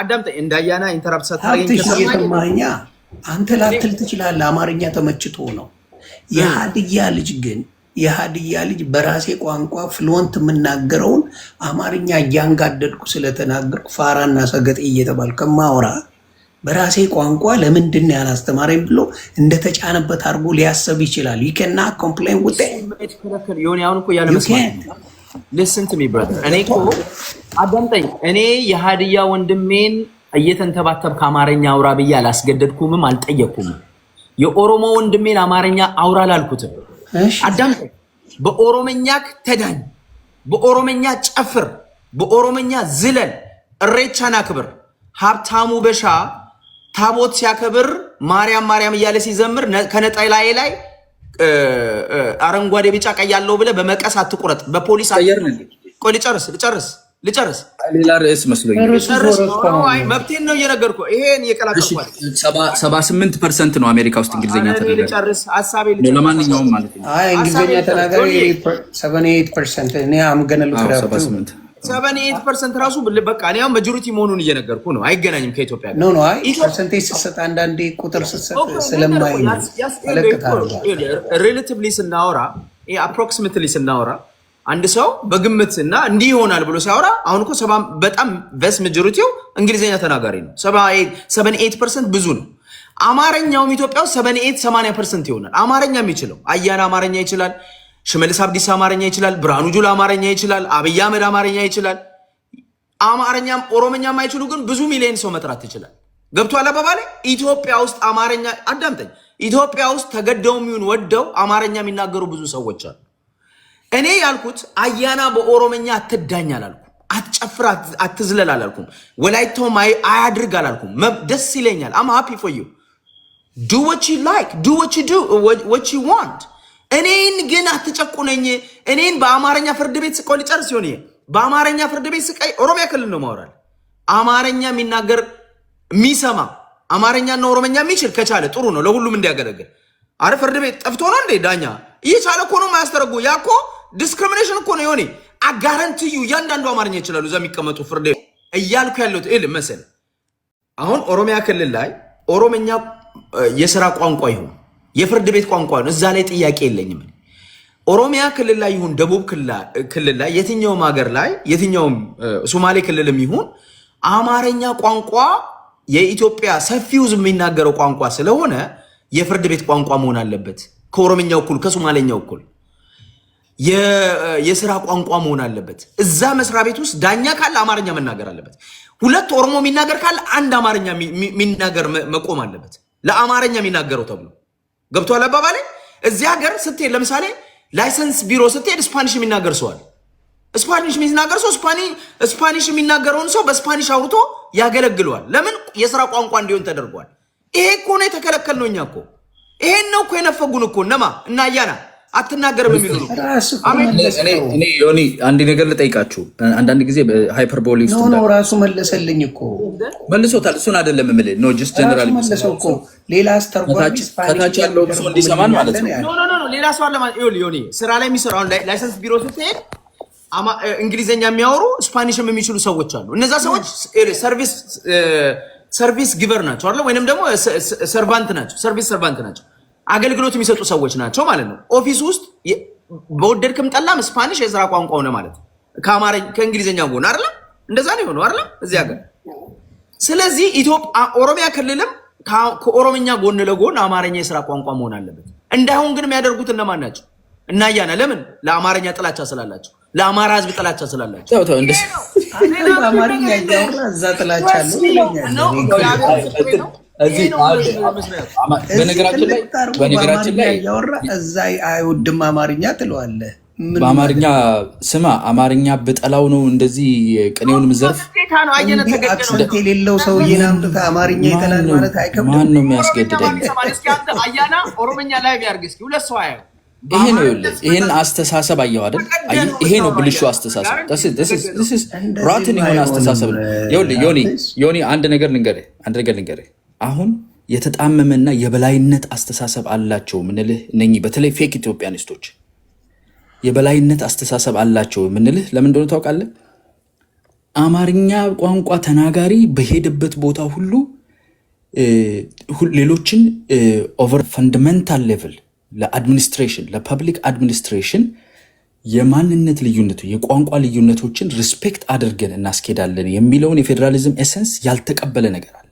አዳምጠኝ እንዳያና ኢንተራፕት ሳታረገኝ እየሰማኸኝ አንተ ላትል ትችላለህ። አማርኛ ተመችቶ ነው። የሀድያ ልጅ ግን የሀድያ ልጅ በራሴ ቋንቋ ፍሎንት የምናገረውን አማርኛ እያንጋደድኩ ስለተናገርኩ ፋራና ሰገጤ እየተባል ከማውራ በራሴ ቋንቋ ለምንድን ያላስተማረኝ ብሎ እንደተጫነበት አድርጎ ሊያሰብ ይችላል። ይከና ኮምፕሌን ውጤ ሊስን ቱ ሚ ብራዘር፣ እኔ እኮ አዳምጠኝ። እኔ የሀዲያ ወንድሜን እየተንተባተብ ከአማርኛ አውራ ብዬ አላስገደድኩምም፣ አልጠየቅኩምም። የኦሮሞ ወንድሜን አማርኛ አውራ ላልኩትም፣ አዳምጠኝ። በኦሮመኛክ ተዳኝ፣ በኦሮመኛ ጨፍር፣ በኦሮመኛ ዝለል፣ እሬቻን አክብር። ሀብታሙ በሻ ታቦት ሲያከብር ማርያም ማርያም እያለ ሲዘምር ከነጠላዬ ላይ አረንጓዴ ቢጫ ቀይ ያለው ብለህ በመቀስ አትቁረጥ። በፖሊስ ቆይ ልጨርስ ልጨርስ ልጨርስ ሌላ ርዕስ መስሎኝ መብቴን ነው የነገርኩ ይሄን ሰባ ስምንት ፐርሰንት ነው አሜሪካ ውስጥ እንግሊዝኛ ተናጋሪ። ለማንኛውም ማለት ነው እንግሊዝኛ ተናጋሪ ሰቨን ኤት ፐርሰንት ራሱ በቃ እኔ አሁን መጆሪቲ መሆኑን እየነገርኩ ነው። አይገናኝም ከኢትዮጵያ ጋር ኖ አይ ስትሰጥ አንዳንዴ ቁጥር ስትሰጥ ስለማይ ሬሌቲቭሊ ስናወራ አፕሮክሲሜትሊ ስናወራ አንድ ሰው በግምት እና እንዲህ ይሆናል ብሎ ሲያወራ አሁን እኮ በጣም ቨስ መጆሪቲው እንግሊዝኛ ተናጋሪ ነው። ሰቨን ኤይት ፐርሰንት ብዙ ነው። አማርኛውም ኢትዮጵያ ውስጥ ሰቨን ኤይት ሰማንያ ፐርሰንት ይሆናል። አማርኛ የሚችለው አያና አማርኛ ይችላል ሽመልስ አብዲስ አማርኛ ይችላል። ብርሃኑ ጁላ አማርኛ ይችላል። አብይ አህመድ አማርኛ ይችላል። አማርኛም ኦሮምኛም አይችሉ ግን ብዙ ሚሊዮን ሰው መጥራት ይችላል። ገብቷል አባባሌ። ኢትዮጵያ ውስጥ አማርኛ አዳምጠኝ። ኢትዮጵያ ውስጥ ተገደው የሚሆን ወደው አማርኛ የሚናገሩ ብዙ ሰዎች አሉ። እኔ ያልኩት አያና በኦሮምኛ አትዳኝ አላልኩም። አትጨፍር፣ አትዝለል አላልኩም። ወላይቶም አያድርግ አላልኩም። ደስ ይለኛል። አም ሃፒ ፎር ዩ ዱ ዩ ላይክ ዱ ዩ ዱ ዩ ዋንት እኔን ግን አትጨቁነኝ። እኔን በአማርኛ ፍርድ ቤት ስቀው ሊጨርስ ሲሆን በአማርኛ ፍርድ ቤት ስቀይ ኦሮሚያ ክልል ነው ማውራል አማርኛ የሚናገር የሚሰማ አማርኛና ኦሮመኛ የሚችል ከቻለ ጥሩ ነው፣ ለሁሉም እንዲያገለግል። አረ ፍርድ ቤት ጠፍቶ ነው እንዴ ዳኛ? ይህ ቻለ እኮ ነው ማያስተረጉ። ያ እኮ ዲስክሪሚኔሽን እኮ ነው የሆነ አጋረንትዩ እያንዳንዱ አማርኛ ይችላሉ እዛ የሚቀመጡ ፍርድ ቤት እያልኩ ያለሁት ል መሰል አሁን ኦሮሚያ ክልል ላይ ኦሮመኛ የስራ ቋንቋ ይሁን የፍርድ ቤት ቋንቋ ነው። እዛ ላይ ጥያቄ የለኝም። ኦሮሚያ ክልል ላይ ይሁን ደቡብ ክልል ላይ የትኛውም ሀገር ላይ የትኛውም ሶማሌ ክልልም ይሁን አማርኛ ቋንቋ የኢትዮጵያ ሰፊ ሕዝብ የሚናገረው ቋንቋ ስለሆነ የፍርድ ቤት ቋንቋ መሆን አለበት። ከኦሮምኛው እኩል፣ ከሶማሌኛው እኩል የስራ ቋንቋ መሆን አለበት። እዛ መስሪያ ቤት ውስጥ ዳኛ ካለ አማርኛ መናገር አለበት። ሁለት ኦሮሞ የሚናገር ካለ አንድ አማርኛ የሚናገር መቆም አለበት፣ ለአማርኛ የሚናገረው ተብሎ ገብቷል አባባሌ። እዚህ ሀገር ስትሄድ ለምሳሌ ላይሰንስ ቢሮ ስትሄድ ስፓኒሽ የሚናገር ሰዋል ስፓኒሽ የሚናገር ሰው ስፓኒሽ የሚናገረውን ሰው በስፓኒሽ አውርቶ ያገለግለዋል። ለምን የስራ ቋንቋ እንዲሆን ተደርጓል። ይሄ እኮ ነው የተከለከል ነው። እኛ እኮ ይሄን ነው እኮ የነፈጉን እኮ እነማ እና አያና አትናገርም የሚሉ እኔ ዮኒ አንድ ነገር ልጠይቃችሁ። አንዳንድ ጊዜ ሃይፐርቦሊ ነው ራሱ መለሰልኝ እኮ መልሶታል። እሱን አይደለም የምልህ ነው ጅስት ጀነራል ሌላ አስተርጓሚ ከታች ያለው ሰው እንዲሰማን ማለት ነው። ሌላ ሰው አለ ማለት ዮኒ ስራ ላይ የሚሰሩ ላይሰንስ ቢሮ ስትሄድ እንግሊዝኛ የሚያወሩ ስፓኒሽም የሚችሉ ሰዎች አሉ። እነዛ ሰዎች ሰርቪስ ሰርቪስ ጊቨር ናቸው አለ ወይንም ደግሞ ሰርቫንት ናቸው፣ ሰርቪስ ሰርቫንት ናቸው አገልግሎት የሚሰጡ ሰዎች ናቸው ማለት ነው። ኦፊስ ውስጥ በወደድክም ጠላም ስፓኒሽ የስራ ቋንቋ ሆነ ማለት ነው። ከእንግሊዝኛ ሆነ አለ እንደዛ ነው የሆነው አለ እዚህ ሀገር። ስለዚህ ኦሮሚያ ክልልም ከኦሮምኛ ጎን ለጎን አማርኛ የስራ ቋንቋ መሆን አለበት። እንዳሁን ግን የሚያደርጉት እነማን ናቸው? እናያና ለምን ለአማርኛ ጥላቻ ስላላቸው፣ ለአማራ ህዝብ ጥላቻ ስላላቸው እዛ ጥላቻ ነው እዚህ በነገራችን ላይ እያወራ እዛ አይወድም አማርኛ ትለዋለህ። በአማርኛ ስማ፣ አማርኛ ብጠላው ነው እንደዚህ ቅኔውን ምዘርፍ አክሰንት የሌለው ሰው አምጥተህ አማርኛ ይተላል ማለት አይከብድም። ማን ነው የሚያስገድደኝ? ይሄ ነው ይኸውልህ፣ ይሄን አስተሳሰብ አየው አይደል? ይሄ ነው ብልሹ አስተሳሰብ፣ ራትን የሆነ አስተሳሰብ ነው። ይኸውልህ ዮኒ፣ አንድ ነገር ልንገርህ፣ አንድ ነገር ልንገርህ አሁን የተጣመመና የበላይነት አስተሳሰብ አላቸው ምንልህ እነኚህ በተለይ ፌክ ኢትዮጵያኒስቶች የበላይነት አስተሳሰብ አላቸው ምንልህ ለምን እንደሆነ ታውቃለህ? አማርኛ ቋንቋ ተናጋሪ በሄደበት ቦታ ሁሉ ሌሎችን ኦቨር ፈንደመንታል ሌቭል ለአድሚኒስትሬሽን ለፐብሊክ አድሚኒስትሬሽን የማንነት ልዩነቱ የቋንቋ ልዩነቶችን ሪስፔክት አድርገን እናስኬዳለን የሚለውን የፌዴራሊዝም ኤሰንስ ያልተቀበለ ነገር አለ።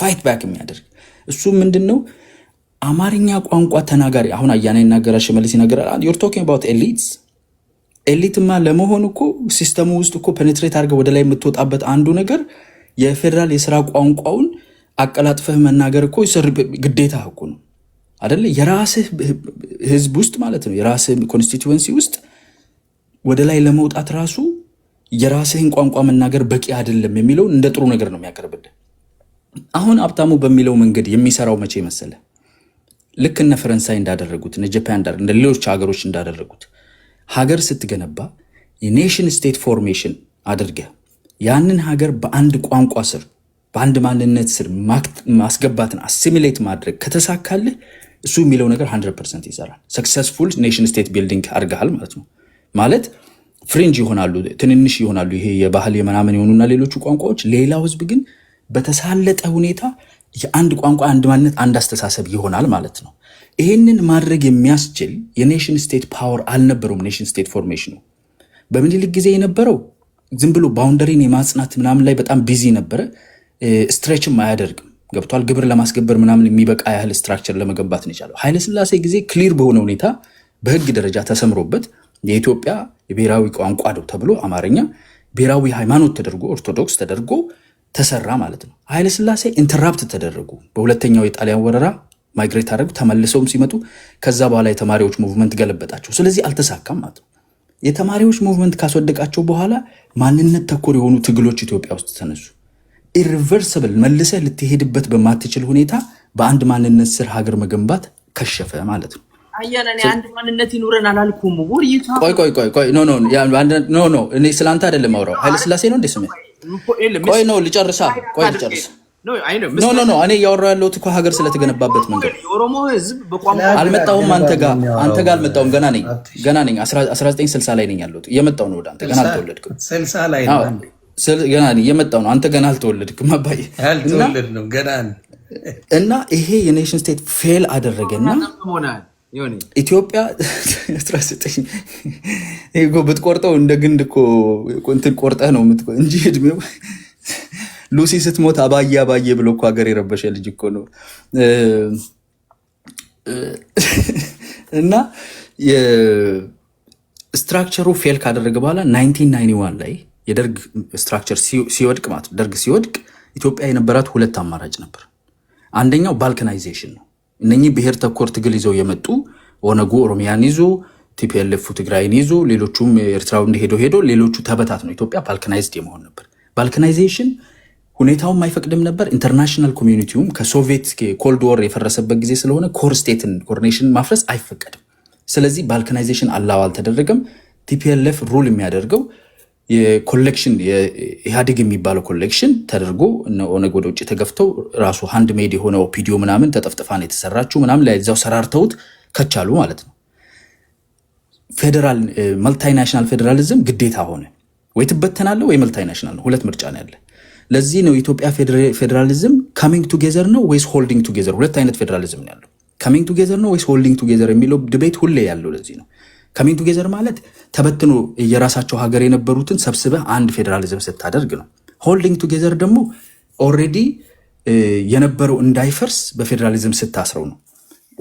ፋይት ባክ የሚያደርግ እሱ ምንድን ነው አማርኛ ቋንቋ ተናጋሪ አሁን አያና ይናገራል፣ ሽመልስ ይናገራል። ዩር ቶኪንግ አባውት ኤሊትስ ኤሊትማ ለመሆን እኮ ሲስተሙ ውስጥ እኮ ፔኔትሬት አድርገ ወደ ላይ የምትወጣበት አንዱ ነገር የፌዴራል የስራ ቋንቋውን አቀላጥፈህ መናገር እኮ ግዴታ እኮ ነው አደለ? የራስህ ህዝብ ውስጥ ማለት ነው የራስህ ኮንስቲትዌንሲ ውስጥ ወደ ላይ ለመውጣት ራሱ የራስህን ቋንቋ መናገር በቂ አይደለም የሚለውን እንደ ጥሩ ነገር ነው የሚያቀርብልህ። አሁን ሀብታሙ በሚለው መንገድ የሚሰራው መቼ መሰለ? ልክ እነ ፈረንሳይ እንዳደረጉት እነ ጃፓን እንደ ሌሎች ሀገሮች እንዳደረጉት ሀገር ስትገነባ የኔሽን ስቴት ፎርሜሽን አድርገ ያንን ሀገር በአንድ ቋንቋ ስር በአንድ ማንነት ስር ማስገባትን አሲሚሌት ማድረግ ከተሳካልህ እሱ የሚለው ነገር 100 ይሰራል። ሰክሰስፉል ኔሽን ስቴት ቢልዲንግ አድርገሃል ማለት ነው። ማለት ፍሪንጅ ይሆናሉ፣ ትንንሽ ይሆናሉ። ይሄ የባህል የምናምን የሆኑና ሌሎቹ ቋንቋዎች ሌላው ህዝብ ግን በተሳለጠ ሁኔታ የአንድ ቋንቋ፣ አንድ ማንነት፣ አንድ አስተሳሰብ ይሆናል ማለት ነው። ይህንን ማድረግ የሚያስችል የኔሽን ስቴት ፓወር አልነበረውም። ኔሽን ስቴት ፎርሜሽኑ በምኒልክ ጊዜ የነበረው ዝም ብሎ ባውንደሪን የማጽናት ምናምን ላይ በጣም ቢዚ ነበረ። ስትሬችም አያደርግም ገብቷል። ግብር ለማስገበር ምናምን የሚበቃ ያህል ስትራክቸር ለመገንባት ነው የቻለው። ኃይለስላሴ ጊዜ ክሊር በሆነ ሁኔታ በህግ ደረጃ ተሰምሮበት የኢትዮጵያ የብሔራዊ ቋንቋ ነው ተብሎ አማርኛ ብሔራዊ ሃይማኖት ተደርጎ ኦርቶዶክስ ተደርጎ ተሰራ ማለት ነው። ኃይለ ስላሴ ኢንተራፕት ተደረጉ። በሁለተኛው የጣሊያን ወረራ ማይግሬት አደረጉ። ተመልሰውም ሲመጡ ከዛ በኋላ የተማሪዎች ሙቭመንት ገለበጣቸው። ስለዚህ አልተሳካም ማለት ነው። የተማሪዎች ሙቭመንት ካስወደቃቸው በኋላ ማንነት ተኮር የሆኑ ትግሎች ኢትዮጵያ ውስጥ ተነሱ። ኢሪቨርስብል መልሰ ልትሄድበት በማትችል ሁኔታ በአንድ ማንነት ስር ሀገር መገንባት ከሸፈ ማለት ነው። አንድ ማንነት ይኑረን አላልኩም። ቆይ ቆይ ቆይ፣ ኖ ኖ፣ ስለ አንተ አይደለም አውራው ኃይለስላሴ ነው እንደ ስሜ ቆይ ነው ልጨርሳ፣ ቆይ ልጨርሳ። ኖ ኖ ኖ እኔ እያወራሁ ያለሁት እኮ ሀገር ስለተገነባበት መንገድ አልመጣሁም። አንተ ጋ አንተ ጋ አልመጣሁም። ገና ነኝ ገና ነኝ። 1960 ላይ ነኝ ያለሁት። እየመጣሁ ነው ወደ አንተ። ገና አልተወለድክም። ገና ነኝ፣ እየመጣሁ ነው። አንተ ገና አልተወለድክም። አባዬ እና ይሄ የኔሽን ስቴት ፌል አደረገና ኢትዮጵያ ብትቆርጠው እንደ ግንድ እኮ እንትን ቆርጠህ ነው እንጂ እድሜው ሉሲ ስትሞት አባዬ አባዬ ብሎ እኮ ሀገር የረበሸ ልጅ እኮ ነው። እና ስትራክቸሩ ፌል ካደረገ በኋላ 1991 ላይ የደርግ ስትራክቸር ሲወድቅ ማለት ደርግ ሲወድቅ ኢትዮጵያ የነበራት ሁለት አማራጭ ነበር። አንደኛው ባልካናይዜሽን ነው። እነኚህ ብሔር ተኮር ትግል ይዘው የመጡ ኦነጉ ኦሮሚያን ይዞ ቲፒኤልኤፉ ትግራይን ይዞ ሌሎቹም ኤርትራ ሄዶ ሄዶ ሌሎቹ ተበታት ነው። ኢትዮጵያ ባልካናይዝድ የመሆን ነበር። ባልካናይዜሽን ሁኔታውም አይፈቅድም ነበር። ኢንተርናሽናል ኮሚኒቲውም ከሶቪየት ኮልድ ወር የፈረሰበት ጊዜ ስለሆነ ኮር ስቴትን ኮርኔሽን ማፍረስ አይፈቀድም። ስለዚህ ባልካናይዜሽን አላው አልተደረገም። ቲፒኤልኤፍ ሩል የሚያደርገው የኮሌክሽን ኢህአዴግ የሚባለው ኮሌክሽን ተደርጎ ኦነግ ወደ ውጭ ተገፍተው ራሱ ሃንድ ሜድ የሆነ ኦፒዲዮ ምናምን ተጠፍጥፋ ነው የተሰራችው ምናምን ላይ ሰራርተውት ከቻሉ ማለት ነው። ፌዴራል መልታይናሽናል ፌዴራሊዝም ግዴታ ሆነ። ወይ ትበተናለ ወይ መልታይናሽናል ነው። ሁለት ምርጫ ነው ያለ። ለዚህ ነው የኢትዮጵያ ፌዴራሊዝም ካሚንግ ቱጌዘር ነው ወይስ ሆልዲንግ ቱጌዘር። ሁለት አይነት ፌዴራሊዝም ነው ያለው። ካሚንግ ቱጌዘር ነው ወይስ ሆልዲንግ ቱጌዘር የሚለው ድቤት ሁሌ ያለው ለዚህ ነው። ከሚን ቱጌዘር ማለት ተበትኖ የራሳቸው ሀገር የነበሩትን ሰብስበህ አንድ ፌዴራሊዝም ስታደርግ ነው። ሆልዲንግ ቱጌዘር ደግሞ ኦልሬዲ የነበረው እንዳይፈርስ በፌዴራሊዝም ስታስረው ነው።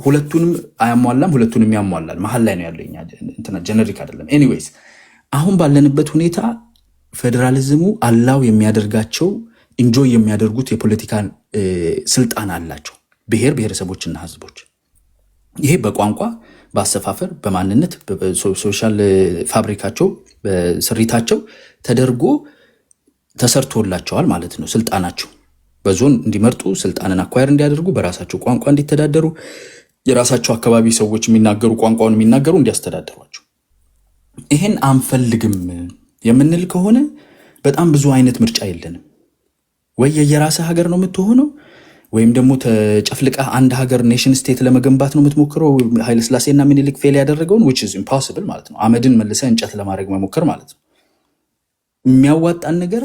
ሁለቱንም አያሟላም፣ ሁለቱንም ያሟላል። መሀል ላይ ነው ያለው። ጀነሪክ አይደለም። ኤኒዌይስ አሁን ባለንበት ሁኔታ ፌዴራሊዝሙ አላው የሚያደርጋቸው ኢንጆይ የሚያደርጉት የፖለቲካ ስልጣን አላቸው ብሔር ብሔረሰቦችና ህዝቦች ይሄ በቋንቋ በአሰፋፈር በማንነት ሶሻል ፋብሪካቸው ስሪታቸው ተደርጎ ተሰርቶላቸዋል ማለት ነው። ስልጣናቸው በዞን እንዲመርጡ ስልጣንን አኳየር እንዲያደርጉ በራሳቸው ቋንቋ እንዲተዳደሩ የራሳቸው አካባቢ ሰዎች የሚናገሩ ቋንቋውን የሚናገሩ እንዲያስተዳደሯቸው ይህን አንፈልግም የምንል ከሆነ በጣም ብዙ አይነት ምርጫ የለንም። ወይ የየራስህ ሀገር ነው የምትሆነው ወይም ደግሞ ተጨፍልቀ አንድ ሀገር ኔሽን ስቴት ለመገንባት ነው የምትሞክረው። ኃይለስላሴና ሚኒሊክ ፌል ያደረገውን ዊች ኢዝ ኢምፖስብል ማለት ነው። አመድን መልሰ እንጨት ለማድረግ መሞከር ማለት ነው። የሚያዋጣን ነገር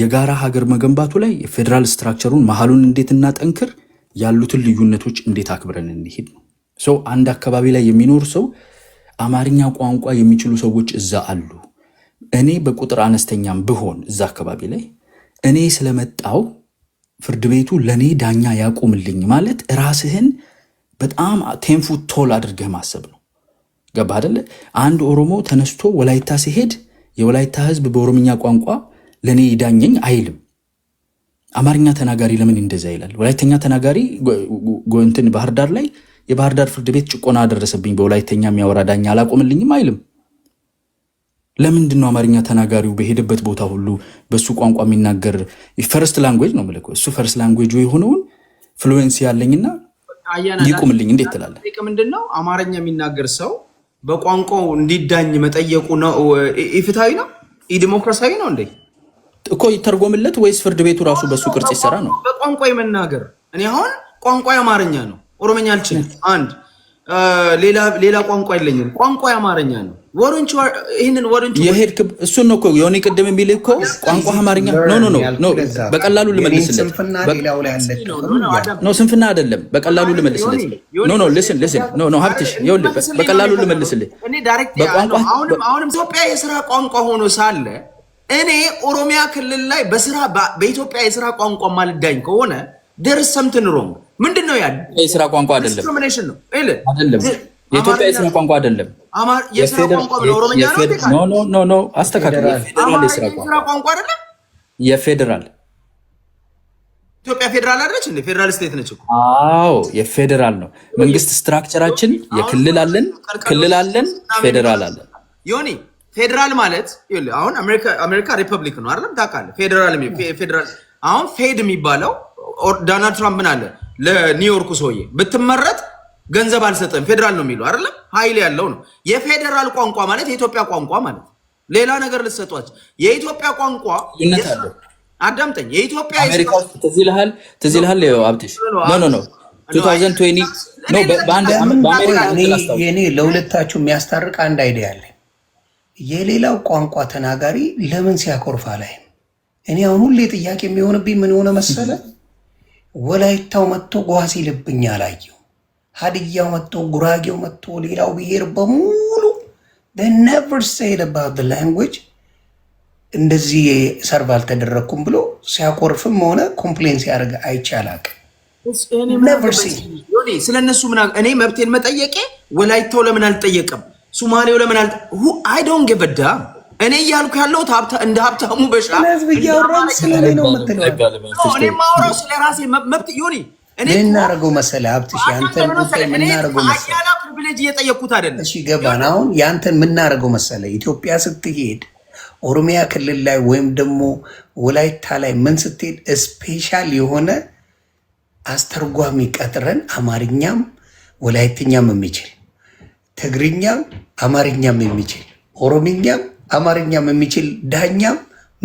የጋራ ሀገር መገንባቱ ላይ የፌዴራል ስትራክቸሩን መሀሉን እንዴት እናጠንክር፣ ያሉትን ልዩነቶች እንዴት አክብረን እንሄድ ነው። ሰው አንድ አካባቢ ላይ የሚኖር ሰው አማርኛ ቋንቋ የሚችሉ ሰዎች እዛ አሉ። እኔ በቁጥር አነስተኛም ብሆን እዛ አካባቢ ላይ እኔ ስለመጣው ፍርድ ቤቱ ለእኔ ዳኛ ያቁምልኝ ማለት ራስህን በጣም ቴንፉ ቶል አድርገህ ማሰብ ነው። ገባ አደለ? አንድ ኦሮሞ ተነስቶ ወላይታ ሲሄድ የወላይታ ህዝብ በኦሮምኛ ቋንቋ ለእኔ ይዳኘኝ አይልም። አማርኛ ተናጋሪ ለምን እንደዛ ይላል? ወላይተኛ ተናጋሪ ጎንትን ባህር ዳር ላይ የባህር ዳር ፍርድ ቤት ጭቆና አደረሰብኝ በወላይተኛ የሚያወራ ዳኛ አላቆምልኝም አይልም። ለምንድን ነው አማርኛ ተናጋሪው በሄደበት ቦታ ሁሉ በእሱ ቋንቋ የሚናገር ፈርስት ላንጉጅ ነው ምልክ እሱ ፈርስት ላንጉጅ የሆነውን ፍሉዌንሲ ያለኝና ይቁምልኝ እንዴት ትላለህ? ምንድን ነው አማርኛ የሚናገር ሰው በቋንቋው እንዲዳኝ መጠየቁ ነው ኢፍትሐዊ ነው ኢዲሞክራሲያዊ ነው እንዴ? እኮ ይተርጎምለት ወይስ ፍርድ ቤቱ ራሱ በእሱ ቅርጽ ይሰራ ነው? በቋንቋ መናገር እኔ አሁን ቋንቋ አማርኛ ነው፣ ኦሮመኛ አልችልም። አንድ ሌላ ቋንቋ የለኝም። ቋንቋ አማርኛ ነው እሱን ነው እኮ የሆነ ቅድም የሚል እኮ ቋንቋ አማርኛ ኖ በቀላሉ ልመልስለት ስንፍና አይደለም፣ በቀላሉ ልመልስለት። ኖ ኖ ልስን ልስን ኖ ኖ ሀብትሽ ይኸውልህ፣ በቀላሉ ልመልስልህ። አሁንም ኢትዮጵያ የስራ ቋንቋ ሆኖ ሳለ እኔ ኦሮሚያ ክልል ላይ በስራ በኢትዮጵያ የስራ ቋንቋ ማልዳኝ ከሆነ ደርስ ሰምትን ምንድን ነው ያ? የስራ ቋንቋ አይደለም ነው የኢትዮጵያ የስራ ቋንቋ አይደለም። ኖ አስተካክል። የፌዴራል የስራ ቋንቋ አይደለም። የፌዴራል ኢትዮጵያ ፌዴራል አይደለች እንዴ? ፌዴራል ስቴት ነች እኮ። አዎ የፌዴራል ነው መንግስት ስትራክቸራችን። የክልል አለን፣ ክልል አለን፣ ፌዴራል አለን። ዮኒ ፌዴራል ማለት አሁን አሜሪካ ሪፐብሊክ ነው አይደለም? ታውቃለህ። ፌዴራል ፌዴራል አሁን ፌድ የሚባለው ዶናልድ ትራምፕ ምን አለ ለኒውዮርኩ ሰውዬ ብትመረጥ ገንዘብ አልሰጠም ፌዴራል ነው የሚለው አይደለም ሀይል ያለው ነው የፌዴራል ቋንቋ ማለት የኢትዮጵያ ቋንቋ ማለት ሌላ ነገር ልትሰጧች የኢትዮጵያ ቋንቋ አዳምጠኝ የኢትዮጵያ ትዝ ይልሃል አብትሽ ኖ ኖ የኔ ለሁለታችሁ የሚያስታርቅ አንድ አይዲያ አለ የሌላው ቋንቋ ተናጋሪ ለምን ሲያኮርፋ ላይ እኔ አሁን ሁሌ ጥያቄ የሚሆንብኝ ምን ሆነ መሰለ ወላይታው መጥቶ ጓዝ ይልብኝ አላየሁ ሀድያው መጥቶ ጉራጌው መጥቶ ሌላው ብሄር በሙሉ ነቨር ሴድ አባት ላንጉጅ እንደዚህ ሰርቭ አልተደረግኩም ብሎ ሲያኮርፍም ሆነ ኮምፕሌን ሲያደርግ አይቻላቅ። ስለ እነሱ ምና እኔ መብቴን መጠየቄ ወላይታው ለምን አልጠየቀም? ሱማሌው ለምን አል አይ ዶንት ጊቭ ዳ እኔ እያልኩ ያለሁት እንደ ሀብታሙ በሻ ስለዚህ ማውራው ስለ ራሴ መብት ዮኒ ምናደርገው መሰለህ ሀብትሽ ያንተን ጉዳይ የምናደርገው መሰለህ ፕሪቪሌጅ አይደለም። እሺ ገባን። አሁን የአንተን ምናደርገው መሰለህ ኢትዮጵያ ስትሄድ ኦሮሚያ ክልል ላይ ወይም ደግሞ ወላይታ ላይ ምን ስትሄድ ስፔሻል የሆነ አስተርጓሚ ቀጥረን አማርኛም ወላይትኛም የሚችል ትግርኛም አማርኛም የሚችል ኦሮምኛም አማርኛም የሚችል ዳኛም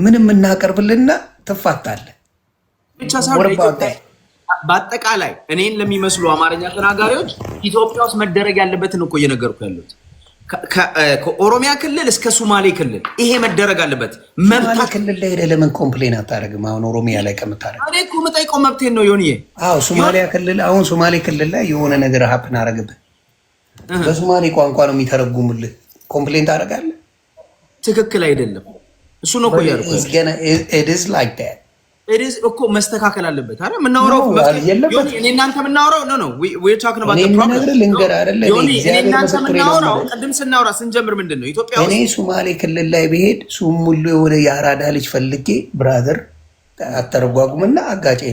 ምንም እናቀርብልና ትፋታለህ። በአጠቃላይ እኔን ለሚመስሉ አማርኛ ተናጋሪዎች ኢትዮጵያ ውስጥ መደረግ ያለበትን እኮ እየነገርኩ ያሉት ከኦሮሚያ ክልል እስከ ሱማሌ ክልል ይሄ መደረግ አለበት። መብት ክልል ላይ ሄደህ ለምን ኮምፕሌን አታደርግም? አሁን ኦሮሚያ ላይ ከምታደርግ እኔ እኮ የምጠይቀው መብቴን ነው። ዮኒዬ ይሄ ሱማሊያ ክልል አሁን ሱማሌ ክልል ላይ የሆነ ነገር ሀፕን አደረግብህ፣ በሱማሌ ቋንቋ ነው የሚተረጉምልህ፣ ኮምፕሌን ታደርጋለህ። ትክክል አይደለም። እሱ ነው እኮ እያልኩ እኮ መስተካከል አለበት። አረ የምናወራው እናንተ የምናወራው ቅድም ስናወራ ስንጀምር ምንድን ነው ኢትዮጵያ እኔ ሱማሌ ክልል ላይ ብሄድ ሱሙሉ የሆነ የአራዳ ልጅ ፈልጌ ብራዘር አተረጓጉምና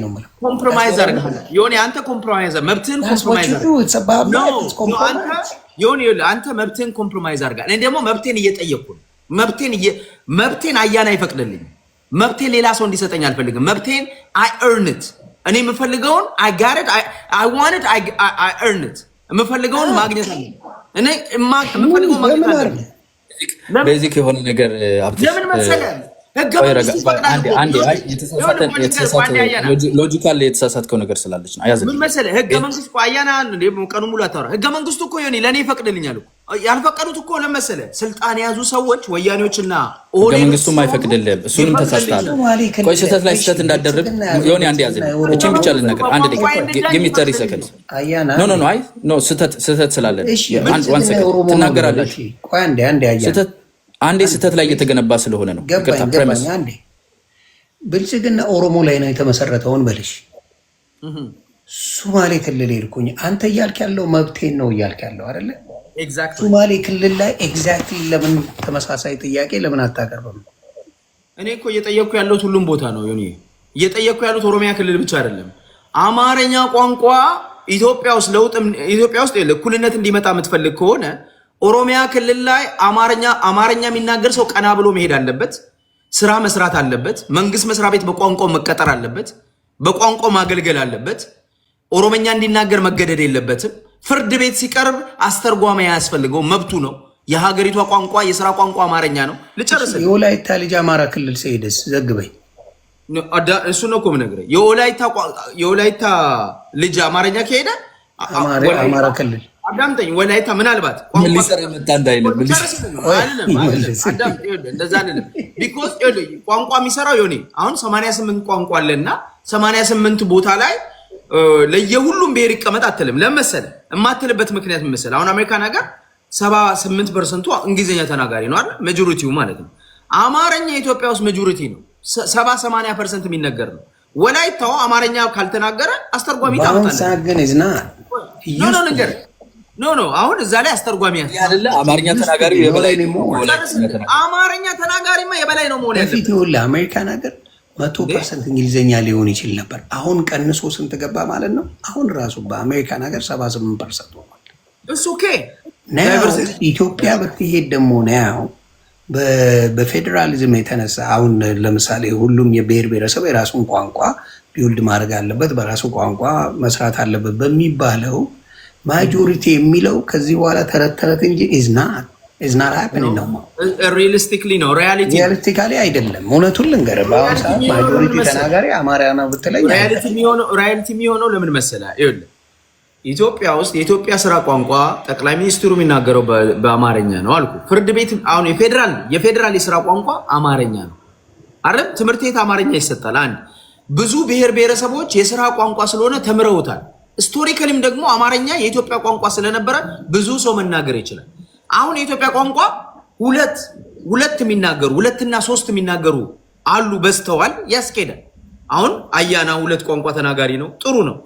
ነው ኮምፕሮማይዝ አድርገሃል አንተ ኮምፕሮማይዝ መብትህን ኮምፕሮማይዝ አንተ መብትህን ኮምፕሮማይዝ አድርገሃል። እኔ ደግሞ መብቴን እየጠየቅኩ ነው። መብቴን አያና አይፈቅድልኝም መብቴን ሌላ ሰው እንዲሰጠኝ አልፈልግም። መብቴን አይ እርንት እኔ የምፈልገውን አይ ጋርድ አይ ዋንድ አይ እርንት የምፈልገውን ማግኘት አለ እኔ የምፈልገውን ማግኘት አለ። ቤዚክ የሆነ ነገር ለምን መሰለህ ሎጂካል የተሳሳትከው ነገር ስላለች ነው። ያዘ ምን መሰለህ፣ ህገ መንግስቱ አያና ቀኑ ሙሉ አታወራ። ህገ መንግስቱ እኮ ሆኔ ለእኔ ይፈቅድልኛል። ያልፈቀዱት እኮ ለመሰለ ስልጣን የያዙ ሰዎች ወያኔዎችና ህገ መንግስቱም አይፈቅድልህም። እሱንም ተሳስተሃል። ቆይ ስህተት ላይ ስህተት እንዳደርግ የሆነ አንድ ያዘ እችን ብቻ ልነገር አንድ የሚተሪ ሰከንድ ኖ ኖ ኖ አይ ኖ ስህተት ስህተት ስላለን ዋን ሰከንድ ትናገራለች ስህተት አንዴ ስህተት ላይ እየተገነባ ስለሆነ ነው። ብልጽግና ኦሮሞ ላይ ነው የተመሰረተውን በልሽ ሱማሌ ክልል ሄድኩኝ። አንተ እያልክ ያለው መብቴን ነው እያልክ ያለው አይደለ? ሱማሌ ክልል ላይ ኤግዛክት ለምን ተመሳሳይ ጥያቄ ለምን አታቀርብም? እኔ እኮ እየጠየቅኩ ያለሁት ሁሉም ቦታ ነው። ዮኒ እየጠየቅኩ ያሉት ኦሮሚያ ክልል ብቻ አይደለም። አማርኛ ቋንቋ ኢትዮጵያ ውስጥ ለውጥ ኢትዮጵያ ውስጥ እኩልነት እንዲመጣ የምትፈልግ ከሆነ ኦሮሚያ ክልል ላይ አማርኛ አማርኛ የሚናገር ሰው ቀና ብሎ መሄድ አለበት። ስራ መስራት አለበት። መንግስት መስሪያ ቤት በቋንቋው መቀጠር አለበት። በቋንቋው ማገልገል አለበት። ኦሮመኛ እንዲናገር መገደድ የለበትም። ፍርድ ቤት ሲቀርብ አስተርጓሚ ያስፈልገው መብቱ ነው። የሀገሪቷ ቋንቋ የስራ ቋንቋ አማርኛ ነው። ልጨርስ። የወላይታ ልጅ አማራ ክልል ሲሄደስ ዘግበኝ። እሱ ነው እኮ የምነግርህ። የወላይታ ልጅ አማርኛ ከሄደ አማራ ክልል አዳምጠኝ ወላይታ ምናልባት ቋንቋ የሚሰራው የሆነ አሁን 88 ቋንቋ አለና 88 ቦታ ላይ ለየሁሉም ብሄር ይቀመጥ አትልም። ለመሰለ የማትልበት ምክንያት መሰለ አሁን አሜሪካን ሀገር 78 ፐርሰንቱ እንግሊዝኛ ተናጋሪ ነው አይደል? መጆሪቲው ማለት ነው። አማርኛ ኢትዮጵያ ውስጥ መጆሪቲ ነው፣ 70 ፐርሰንት የሚነገር ነው። ወላይታው አማርኛ ካልተናገረ አስተርጓሚ ታመጣለህ። ነገር ኖ ኖ አሁን እዛ ላይ አስተርጓሚ ያለ አማርኛ ተናጋሪ የበላይ ነው። አማርኛ ተናጋሪማ የበላይ ነው መሆን ያለበት። ይኸውልህ አሜሪካን ሀገር መቶ ፐርሰንት እንግሊዝኛ ሊሆን ይችል ነበር። አሁን ቀንሶ ስንት ገባ ማለት ነው? አሁን ራሱ በአሜሪካን ሀገር ሰባ ስምንት ፐርሰንት ሆኗል። እሱ ኬ ኢትዮጵያ ብትሄድ ደግሞ ነው በፌዴራሊዝም የተነሳ አሁን ለምሳሌ ሁሉም የብሔር ብሔረሰብ የራሱን ቋንቋ ቢውልድ ማድረግ አለበት፣ በራሱ ቋንቋ መስራት አለበት በሚባለው ማጆሪቲ የሚለው ከዚህ በኋላ ተረት ተረት እንጂ ኢዝናት ኢዝናት ሀፕኒንግ ነው። ሪሊስቲክሊ አይደለም። እውነቱን ልንገርህ በአሁኑ ሰዓት ማጆሪቲ ተናጋሪ አማርያ ነው ብትለኝ ሪያሊቲ የሚሆነው ለምን መሰለህ? ይኸውልህ ኢትዮጵያ ውስጥ የኢትዮጵያ ስራ ቋንቋ ጠቅላይ ሚኒስትሩ የሚናገረው በአማርኛ ነው አልኩ። ፍርድ ቤት አሁን የፌዴራል የፌዴራል የስራ ቋንቋ አማርኛ ነው አይደለም። ትምህርት ቤት አማርኛ ይሰጣል። አንድ ብዙ ብሔር ብሔረሰቦች የስራ ቋንቋ ስለሆነ ተምረውታል። ስቶሪካሊም ደግሞ አማርኛ የኢትዮጵያ ቋንቋ ስለነበረ ብዙ ሰው መናገር ይችላል። አሁን የኢትዮጵያ ቋንቋ ሁለት ሁለት የሚናገሩ ሁለትና ሶስት የሚናገሩ አሉ በስተዋል ያስኬዳል። አሁን አያና ሁለት ቋንቋ ተናጋሪ ነው፣ ጥሩ ነው።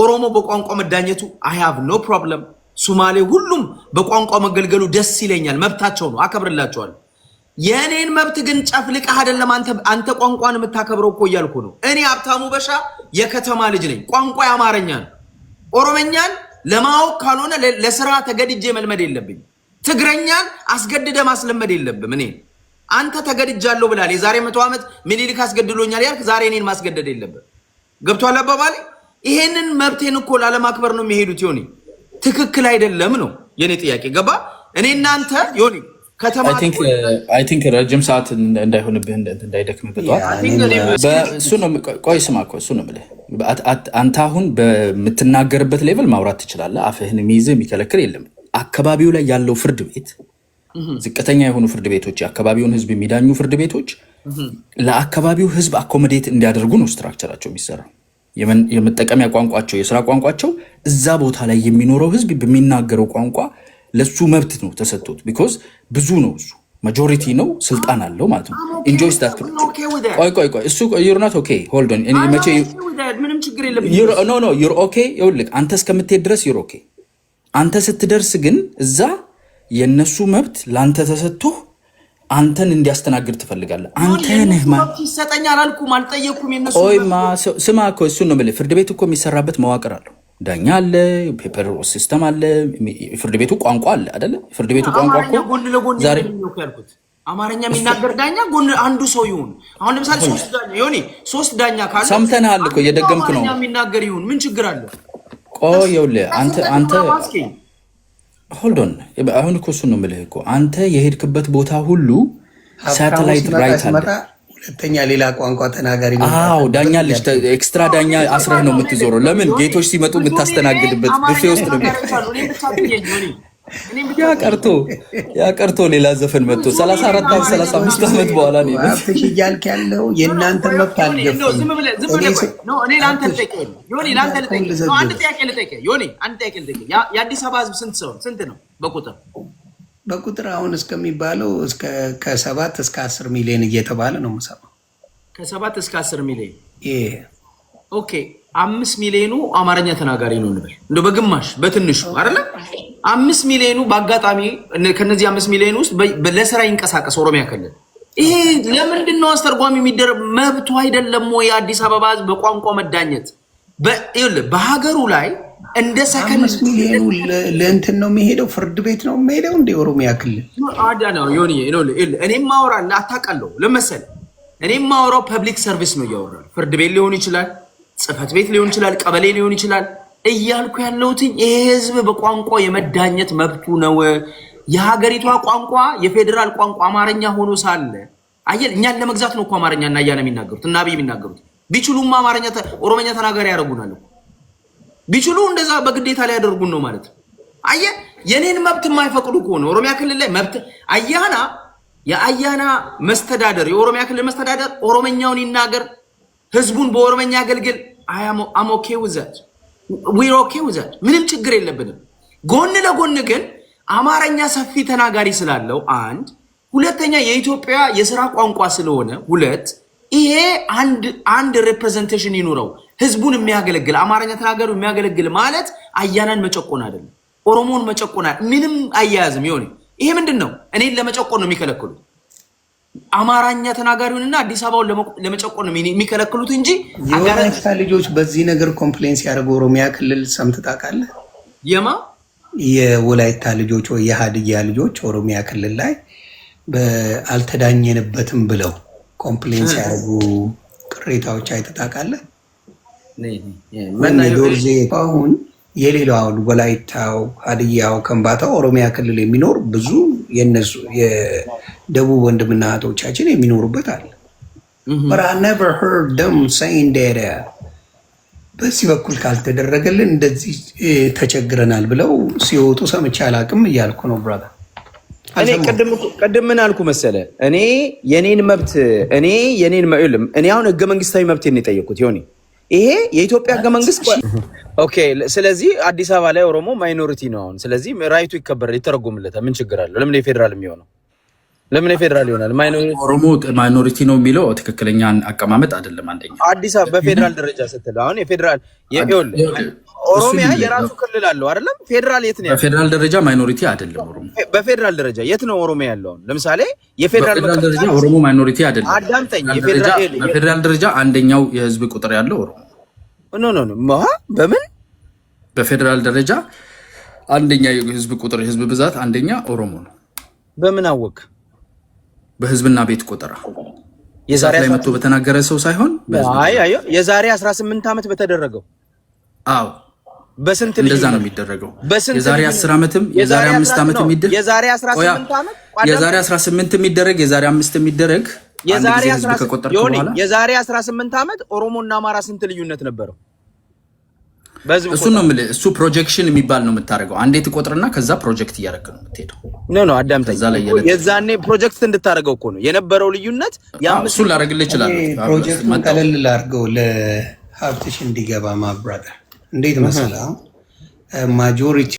ኦሮሞ በቋንቋ መዳኘቱ አይ ሃቭ ኖ ፕሮብለም። ሱማሌ፣ ሁሉም በቋንቋ መገልገሉ ደስ ይለኛል። መብታቸው ነው፣ አከብርላቸዋል። የእኔን መብት ግን ጨፍልቀህ አይደለም አንተ ቋንቋን የምታከብረው እኮ እያልኩ ነው። እኔ ሀብታሙ በሻ የከተማ ልጅ ነኝ። ቋንቋ የአማርኛ ነው። ኦሮመኛን ለማወቅ ካልሆነ ለስራ ተገድጄ መልመድ የለብኝ። ትግረኛን አስገድደ ማስለመድ የለብም። እኔ አንተ ተገድጃለሁ ብላል። የዛሬ መቶ ዓመት ምኒልክ አስገድሎኛል ያልክ ዛሬ እኔን ማስገደድ የለብም። ገብቷል አባባሌ? ይሄንን መብቴን እኮ ላለማክበር ነው የሚሄዱት። ዮኒ ትክክል አይደለም ነው የኔ ጥያቄ። ገባ? እኔ እናንተ ዮኒ ከተማ uh, ረጅም ሰዓት እንዳይሆንብህ እንዳይደክምህ፣ እሱ ነው ቆይ፣ ስማ እሱ ነው የምልህ አንተ አሁን በምትናገርበት ሌቭል ማውራት ትችላለህ። አፍህን የሚይዝህ የሚከለክል የለም። አካባቢው ላይ ያለው ፍርድ ቤት ዝቅተኛ የሆኑ ፍርድ ቤቶች፣ የአካባቢውን ህዝብ የሚዳኙ ፍርድ ቤቶች ለአካባቢው ህዝብ አኮሞዴት እንዲያደርጉ ነው ስትራክቸራቸው የሚሰራ የመጠቀሚያ ቋንቋቸው፣ የስራ ቋንቋቸው እዛ ቦታ ላይ የሚኖረው ህዝብ በሚናገረው ቋንቋ ለሱ መብት ነው ተሰጥቶት። ቢኮዝ ብዙ ነው እሱ ማጆሪቲ ነው፣ ስልጣን አለው ማለት ነው። ኢንጆይስ ዳት ቆይ ቆይ ቆይ እሱ ዩር ኖት ኦኬ ሆልድ ኦን እኔ መቼ ምንም ችግር የለም ዩር ኖ ኖ ዩር ኦኬ ይኸውልህ፣ አንተ እስከምትሄድ ድረስ ዩር ኦኬ። አንተ ስትደርስ ግን እዛ የነሱ መብት ላንተ ተሰጥቶ አንተን እንዲያስተናግድ ትፈልጋለህ። አንተ ነህ ማ ይሰጠኛል አልኩም አልጠየኩም። ስማ እኮ እሱን ነው የምልህ። ፍርድ ቤት እኮ የሚሰራበት መዋቅር አለው ዳኛ አለ፣ ፔፐር ሲስተም አለ፣ ፍርድ ቤቱ ቋንቋ አለ አይደለ? ፍርድ ቤቱ ቋንቋ እኮ ጎን ለጎን ዛሬ አማርኛ የሚናገር ዳኛ ጎን አንዱ ሰው ይሁን። አሁን ለምሳሌ ሶስት ዳኛ ይሁን ሶስት ዳኛ ካለ ሰምተናል እኮ እየደገምክ ነው። የሚናገር ይሁን ምን ችግር አለ? ቆይ ይኸውልህ አንተ አንተ ሆልዶን አሁን እኮ እሱን ነው የምልህ እኮ አንተ የሄድክበት ቦታ ሁሉ ሳተላይት ራይት አለ ሁለተኛ ሌላ ቋንቋ ተናጋሪ አዎ፣ ዳኛ ልጅ ኤክስትራ ዳኛ አስረህ ነው የምትዞረው። ለምን ጌቶች ሲመጡ የምታስተናግድበት ብፌ ውስጥ ነው። ያ ቀርቶ ያ ቀርቶ ሌላ ዘፈን መጥቶ 34 ዓመት 35 ዓመት በኋላ ነው አፍሽ እያልክ ያለው። የእናንተ መብት አልገፋም። እኔ ለአንተ የአዲስ አበባ ህዝብ ስንት ሰው ስንት ነው በቁጥር? በቁጥር አሁን እስከሚባለው ከሰባት እስከ አስር ሚሊዮን እየተባለ ነው የምሰማው። ከሰባት እስከ አስር ሚሊዮን ኦኬ። አምስት ሚሊዮኑ አማርኛ ተናጋሪ ነው እንበል፣ እንደ በግማሽ በትንሹ አይደለ? አምስት ሚሊዮኑ በአጋጣሚ ከነዚህ አምስት ሚሊዮን ውስጥ ለስራ ይንቀሳቀስ ኦሮሚያ ክልል። ይሄ ለምንድን ነው አስተርጓሚ የሚደረግ መብቱ አይደለም ወይ? የአዲስ አበባ ህዝብ በቋንቋ መዳኘት በሀገሩ ላይ እንደ ሰከንድ ሚሊዮኑ ለእንትን ነው የሚሄደው፣ ፍርድ ቤት ነው የሚሄደው። እንደ ኦሮሚያ ክልል አዳ ነው ሆን እኔ ማውራ አታውቃለሁ ለመሰለ እኔ ማወራው ፐብሊክ ሰርቪስ ነው እያወራ ፍርድ ቤት ሊሆን ይችላል፣ ጽህፈት ቤት ሊሆን ይችላል፣ ቀበሌ ሊሆን ይችላል። እያልኩ ያለሁትኝ ይሄ ህዝብ በቋንቋ የመዳኘት መብቱ ነው። የሀገሪቷ ቋንቋ የፌዴራል ቋንቋ አማርኛ ሆኖ ሳለ አየህ፣ እኛን ለመግዛት ነው እኮ አማርኛ እና እያለ የሚናገሩት እና አብይ የሚናገሩት ቢችሉም አማርኛ ኦሮመኛ ተናጋሪ ያደርጉናል እኮ ቢችሉ እንደዛ በግዴታ ላይ ያደርጉን ነው ማለት ነው። አየህ የኔን መብት የማይፈቅዱ ከሆነ ኦሮሚያ ክልል ላይ መብት አያና የአያና መስተዳደር የኦሮሚያ ክልል መስተዳደር ኦሮመኛውን ይናገር፣ ህዝቡን በኦሮመኛ አገልግል። አሞኬ ውዘት ዊሮኬ ውዘት ምንም ችግር የለብንም። ጎን ለጎን ግን አማርኛ ሰፊ ተናጋሪ ስላለው አንድ ሁለተኛ የኢትዮጵያ የስራ ቋንቋ ስለሆነ ሁለት ይሄ አንድ አንድ ሪፕሬዘንቴሽን ይኑረው። ህዝቡን የሚያገለግል አማርኛ ተናገሩ የሚያገለግል ማለት አያናን መጨቆን አይደለም፣ ኦሮሞን መጨቆን ምንም አያያዝም። ይሆን ይሄ ምንድን ነው? እኔን ለመጨቆን ነው የሚከለክሉት። አማርኛ ተናጋሪውንና አዲስ አበባውን ለመጨቆን ነው የሚከለክሉት እንጂ የወላይታ ልጆች በዚህ ነገር ኮምፕሌን ሲያደርጉ ኦሮሚያ ክልል ሰምተህ ታውቃለህ? የማ የወላይታ ልጆች ወይ የሀድያ ልጆች ኦሮሚያ ክልል ላይ አልተዳኘንበትም ብለው ኮምፕሌን ሲያደርጉ ቅሬታዎች አይተህ ታውቃለህ? ዶርዜ አሁን የሌላው አሁን ወላይታው፣ ሀዲያው፣ ከምባታው ኦሮሚያ ክልል የሚኖር ብዙ የነሱ የደቡብ ወንድምና እህቶቻችን የሚኖሩበት አለ። But I never heard them saying that. Uh, በዚህ በኩል ካልተደረገልን እንደዚህ uh, ተቸግረናል ብለው ሲወጡ ሰምቼ አላቅም እያልኩ ነው ብራዳ። እኔ ቅድም ምን አልኩ መሰለ፣ እኔ የኔን መብት እኔ የኔን እኔ አሁን ህገ መንግስታዊ መብት ነው የጠየኩት ሆኔ ይሄ የኢትዮጵያ ህገ መንግስት። ኦኬ ስለዚህ አዲስ አበባ ላይ ኦሮሞ ማይኖሪቲ ነው አሁን። ስለዚህ ራይቱ ይከበራል፣ ይተረጎምለታል። ምን ችግር አለው? ለምን የፌዴራል የሚሆነው? ለምን የፌዴራል ይሆናል? ኦሮሞ ማይኖሪቲ ነው የሚለው ትክክለኛ አቀማመጥ አይደለም። አንደኛ አዲስ አበባ በፌዴራል ደረጃ ስትል አሁን የፌዴራል ኦሮሚያ የራሱ ክልል አለው አይደለም? ፌዴራል የት ነው? በፌዴራል ደረጃ ማይኖሪቲ አይደለም ኦሮሞ። በፌዴራል ደረጃ የት ነው ኦሮሚያ ያለው? ለምሳሌ የፌዴራል ደረጃ ኦሮሞ ማይኖሪቲ አይደለም። አዳምጠኝ። በፌዴራል ደረጃ አንደኛው የህዝብ ቁጥር ያለው ኦሮሞ ኖ ኖ ኖ ማ በምን በፌዴራል ደረጃ አንደኛ የህዝብ ቁጥር የህዝብ ብዛት አንደኛ ኦሮሞ ነው። በምን አወቅ? በህዝብና ቤት ቆጠራ የዛሬ ላይ መጥቶ በተናገረ ሰው ሳይሆን አይ አይ የዛሬ 18 ዓመት በተደረገው አዎ በስንት እንደዛ ነው የሚደረገው። የዛሬ 10 ዓመትም የዛሬ 5 ዓመት የሚደረግ የዛሬ 18 ዓመት የዛሬ 18 የሚደረግ የዛሬ 5 የሚደረግ የዛሬ 18 የዛሬ 18 ዓመት እና አማራ ስንት ልዩነት ነበረው? እሱ ነው የምልህ። እሱ ፕሮጀክሽን የሚባል ነው የምታደርገው። አንዴ ትቆጥርና ከዛ ፕሮጀክት እያደረግ ነው የምትሄደው። ኖ ኖ አዳምጠኝ። የዛኔ ፕሮጀክት እንድታደርገው እኮ ነው የነበረው ልዩነት። እሱ ላደርግልህ እችላለሁ። ፕሮጀክቱን ቀለል ላድርገው ለሀብትሽ እንዲገባ ማብራታ እንዴት መሰላ ማጆሪቲ